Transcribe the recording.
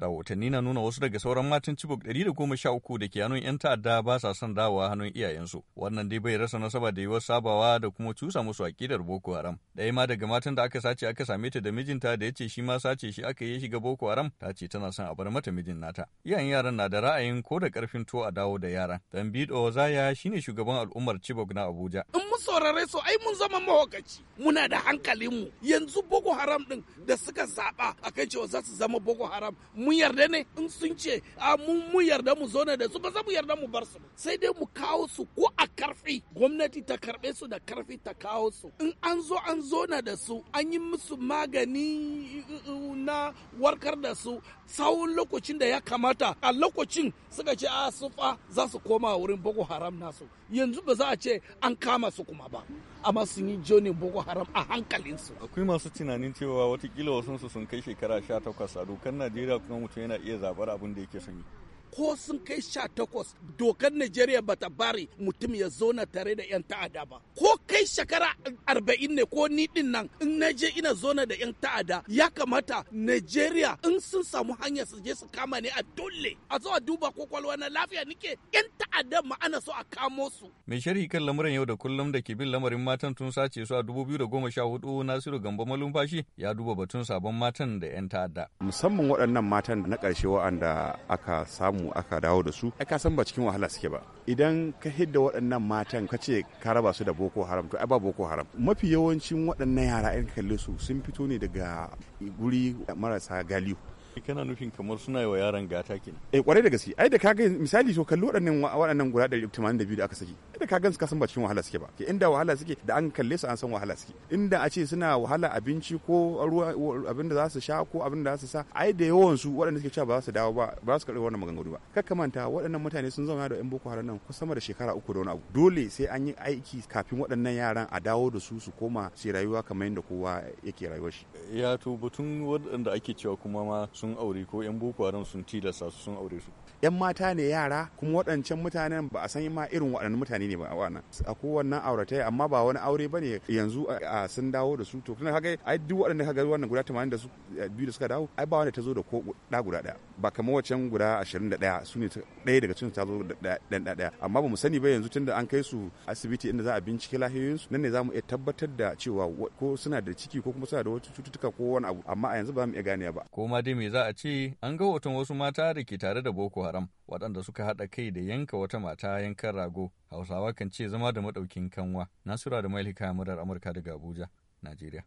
rahotanni na nuna wasu daga sauran matan cibok 113 da goma sha uku da ke hannun 'yan ta'adda ba sa son dawowa hannun iyayensu wannan dai bai rasa nasaba da yiwuwar sabawa da kuma cusa musu aƙidar boko haram ɗaya ma daga matan da aka sace aka same ta da mijinta da ya ce shi ma sace shi aka yi shiga boko haram ta ce tana son a bar mata mijin nata iyayen yaran na da ra'ayin ko da karfin tuwo a dawo da yaran dan bido zaya shine shugaban al'ummar cibok na abuja in mun saurare su ai mun zama mahaukaci muna da mu yanzu boko haram ɗin da suka zaba akan cewa za su zama boko haram mun yarda ne in sun ce a mun mun yarda mu zo ne da su ba za mu yarda mu bar su sai dai mu kawo su ko a karfi gwamnati ta karbe su da karfi ta kawo su in an zo an zo na da su an yi musu magani uh, uh, na warkar da su sawun lokacin da ya kamata a lokacin suka ce a sufa za su koma wurin boko haram nasu yanzu ba za a ce an kama su kuma ba amma sun yi jonin boko haram a hankalinsu akwai masu tunanin cewa watakila wasansu sun kai shekara 18 a dokar najeriya kuma mutum yana iya zaɓar abin da yake sanyi ko sun kai sha takwas dokar Najeriya ba ta bari mutum ya zauna tare da 'yan ta'ada ba. Ko kai shekara arba'in ne ko ni din nan in na je ina zona da 'yan ta'ada ya kamata Najeriya in sun samu hanyar su je su kama ne a dole a zo a duba ko kwalwa na lafiya nike 'yan ta'adan ma ana so a kamo su. Mai sharhi kan lamuran yau da kullum da ke bin lamarin matan tun sace su a dubu biyu da goma sha hudu Nasiru Gambo Malumfashi ya duba batun sabon matan da 'yan ta'ada. Musamman waɗannan matan na ƙarshe wa'anda aka samu aka dawo da su ai ka san ba cikin wahala suke ba idan ka hidda waɗannan matan ka ce ka raba su da boko haram to ai ba boko haram mafi yawancin waɗannan yara in kalle su sun fito ne daga guri marasa galihu kana nufin kamar suna yi wa yaran gata kenan eh kwarai da gaske ai da kaga misali to kalli waɗannan waɗannan guda 182 da aka saki da ka gan su kasan ba cikin wahala suke ba ke inda wahala suke da an kalle su an san wahala suke inda a ce suna wahala abinci ko ruwa abin da za su sha ko abin da za su sa ai da yawan su waɗanda suke cewa ba za su dawo ba ba za su karɓi wannan maganganu ba kakka manta waɗannan mutane sun zauna da yan boko haram nan kusa sama da shekara uku da wani abu dole sai an yi aiki kafin waɗannan yaran a dawo da su su koma su rayuwa kamar yadda kowa yake rayuwar shi ya to batun waɗanda ake cewa kuma ma sun aure ko yan boko haram sun tilasta su sun aure su yan mata ne yara kuma waɗancan mutanen ba a san ma irin waɗannan mutane ne ba wannan a kowannan aurataya amma ba wani aure ba ne yanzu a sun dawo da su to kuma kaga ai duk waɗanda kaga wannan guda 80 da su eh, biyu da suka dawo ai ba wanda ta zo da ko da guda daya ba kamar wacan guda 21 su ne ɗaya daga cikin ta zo da ɗan ɗaya amma ba mu sani ba yanzu tunda an kai su asibiti inda za a bincike lafiyoyinsu nan ne za mu iya tabbatar da cewa ko suna da ciki ko kuma suna da wata cututtuka ko wani abu amma a yanzu ba mu iya gane ba ko ma dai me za a ce an ga hoton wasu mata da ke tare da boko haram waɗanda suka haɗa kai da yanka wata mata yankan rago hausawa kan ce zama da maɗaukin kanwa nasura da mailika murar amurka daga abuja najeriya